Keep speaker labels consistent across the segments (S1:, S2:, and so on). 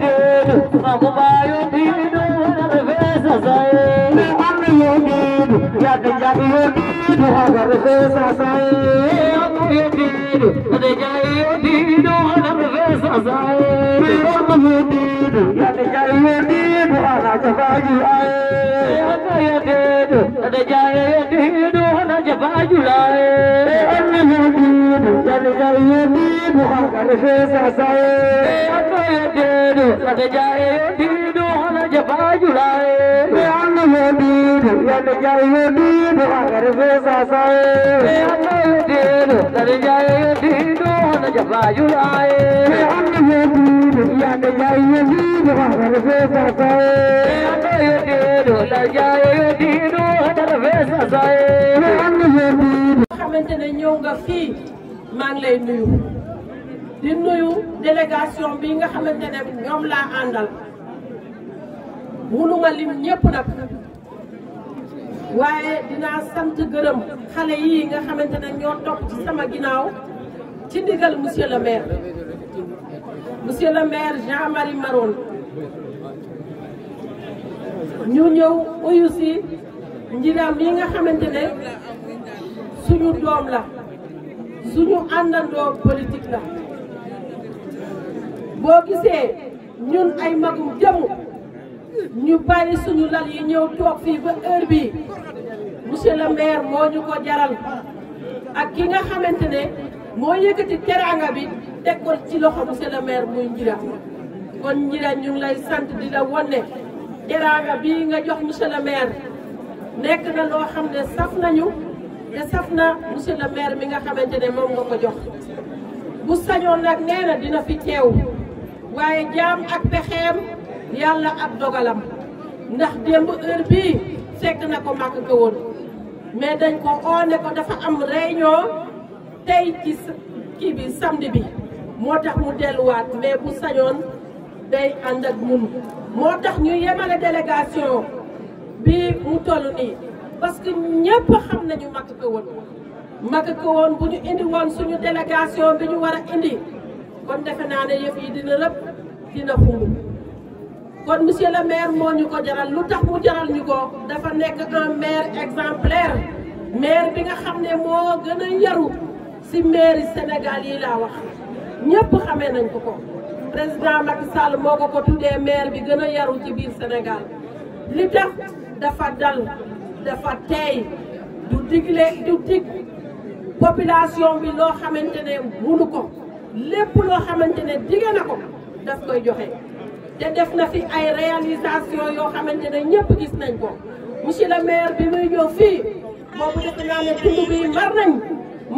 S1: يا दीवीर बे साईर कॾहिं जय दीन साई रीर या दीर हज़ूल दीर के जय दीन बजूल आए घर व साइ तॾहिं तॾहिं धीरो बाजू आयोर या घर वेसा साहेन
S2: ज maa ngi lay nuyu di nuyu délégation bi nga xamante ne ñoom laa àndal mënuma lim ñëpp nag waaye dinaa sant gërëm xale yii nga xamante ne ñoo topp ci sama ginnaaw ci ndigal monsieur le maire Jean-Marie Maron ñu ñëw uyu si njiram yi nga xamante ne suñu doom la suñu àndandoo politique la boo gisee ñun ay magum jëmu ñu bari suñu lal yi ñëw toog fii ba heure bii monsieur moo ñu ko jaral ak ki nga xamante ne moo yëkkati teraanga bi teg ko ci loxo monsieur le maire muy njira kon njira ñu ngi lay sant di la wone teraanga bii nga jox monsieur le maire nekk na loo xam ne saf nañu te saf na monsieur le maire mi nga xamante ne moom nga ko jox bu sañoon nag nee na dina fi teew waaye jaam ak pexeem yàlla ab dogalam ndax démb heure bii fekk na ko màkk ko woon mais dañ ko oone ko dafa am réunion tey ci ci bi samedi bi moo tax mu delluwaat mais bu sañoon day ànd ak ñun moo tax ñu yemale délégation bi mu toll nii parce que ñëpp xam nañu Maka woon Maka woon bu ñu indi woon suñu délégation bi ñu war a indi kon defe naa ne yëf yi dina rëpp dina xulu kon monsieur le moo ñu ko jaral lu tax mu jaral ñu ko dafa nekk un maire exemplaire maire bi nga xam ne moo gën a yaru ci maire Sénégal yi laa wax ñëpp xamee nañ ko ko président Macky Sall moo ko ko tuddee maire bi gën a yaru ci biir Sénégal li tax dafa dal dafa teey du digle du dig population bi loo xamante ne munu ko lépp loo xamante ne dige na ko daf koy joxe te def na fi ay réalisation yoo xamante ne ñëpp gis nañ ko monsieur le maire bi muy ñëw fii boobu defe naa ne dund mar nañ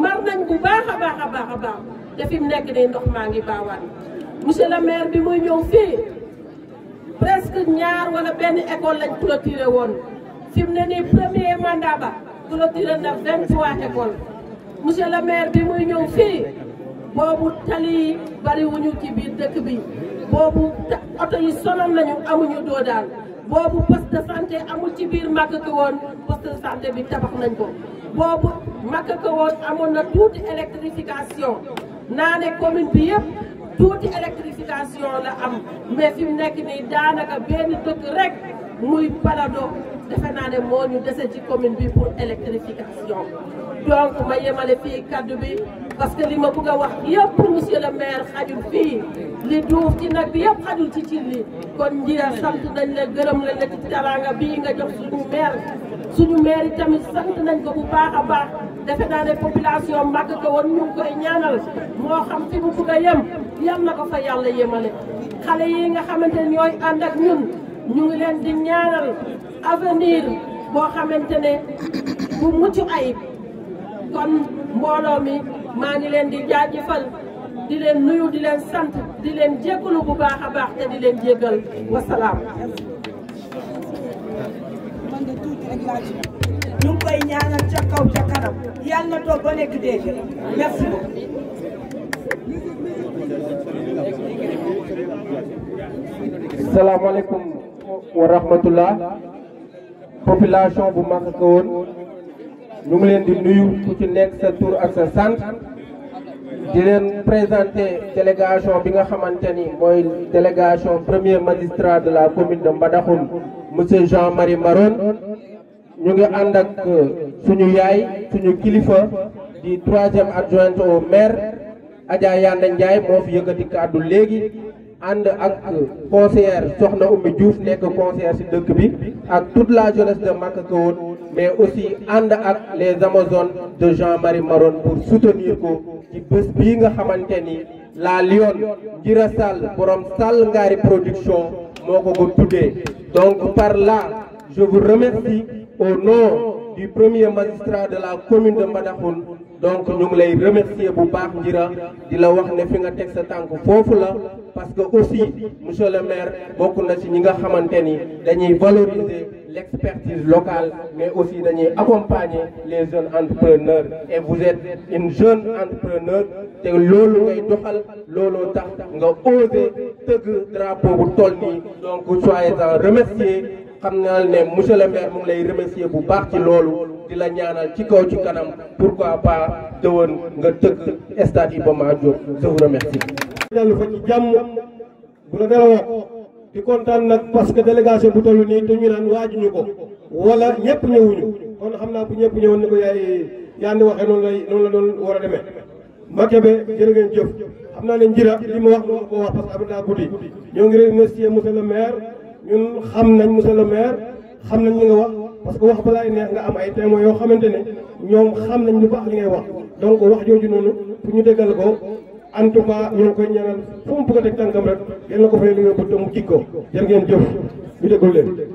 S2: mar nañ bu baax a baax a baax a te fi mu nekk nii ndox maa ngi baawaan monsieur le maire bi muy ñëw fii presque ñaar wala benn école lañ clôturé woon fi mu ne nii premier mandat ba clôturé na 23 écoles monsieur le maire bi muy ñëw fii boobu tali yi bariwuñu ci biir dëkk bi boobu oto yi sonal nañu amuñu doo daal boobu poste de santé amul ci biir Màkka woon poste de santé bi tabax nañ ko boobu Màkka woon amoon na tuuti électrification naa ne commune bi yëpp tuuti électrification la am mais fi mu nekk nii daanaka benn dëkk rek muy Palado defe naa ne moo ñu dese ci commune bi pour électrification donc ma yemale fii cadre bi parce que li ma bëgg a wax yëpp monsieur le maire xajul fii li duuf ci nag bi yëpp xajul ci cin li kon njëriñ sant nañ la gërëm la la ci teraanga bii nga jox suñu maire suñu maire yi tamit sant nañ ko bu baax a baax defe naa ne population màgg ko woon ñu koy ñaanal moo xam fi mu bëgg a yem yem ko fa yàlla yemale xale yi nga xamante ne ñooy ak ñun ñu ngi leen di ñaanal avenir boo xamante ne bu mucc ayib kon mbooloo mi maa ngi leen di jaajëfal di leen nuyu di leen sant di leen jéggalu bu baax a baax te di leen jéggal wasalaam. ñu koy ñaanal ca kaw ca kanam
S1: yàlla toog ba nekk dégg merci beaucoup.
S3: salaamaaleykum wa rahmatullah. population bu Mbacké woon ñu di nuyu ci nekk sa délégation bi nga premier magistrat de la commune de monsieur Jean-Marie Maron Nous ngi ak euh, suñu kilifa di troisième adjointe au maire Adja Ndiaye ànd ak conseillère soxna Oumy Diouf nek conseillère ci deuk bi ak toute la jeunesse de Makakawoon mais aussi ànd ak les amazones de Jean-Marie Maron pour soutenir ko ci bés bi nga xamanteni la lion, Njira Sall borom sal Ngari production moko ko donc par là je vous remercie au nom du premier magistrat de la commune de Mbadakhoune donc nous voulons lay remercier bu baax Ndira di la wax ne fi nga teg sa la parce que aussi monsieur le maire beaucoup de gens qui ont xamante dañuy valoriser l'expertise locale mais aussi dañuy accompagner les jeunes entrepreneurs et vous êtes une jeune entrepreneur te loolu ngay doxal lolo tax nga osé tëgg drapeau bu toll donc soyez en remercier comme naa monsieur le maire mu ngi lay remercier bu baax ci loolu di la ñaanal ci kaw ci kanam pourquoi pas dëwën nga tëgg stade Iba Mar Diop je vous remercie. dellu fa ci jàmm bu la dara wax di kontaan ko wala ñëpp ñëwuñu kon xam naa bu ñëpp la doon war a demee. Makebe jërë ngeen jëf xam naa ne li ma wax noonu ko ñun xam nañ monsieur le xam nañ li nga wax. parce que wax balaay neex nga am ay témoins yoo xamante ne ñoom xam nañ lu baax li ngay wax donc wax jooju noonu pour ñu déggal ko en tout cas ñoo ngi koy ñaanal fu mu bëgg a teg tànkam rek yal ko fay lu yóbbu te mu jikko jërë jëf ñu déglu leen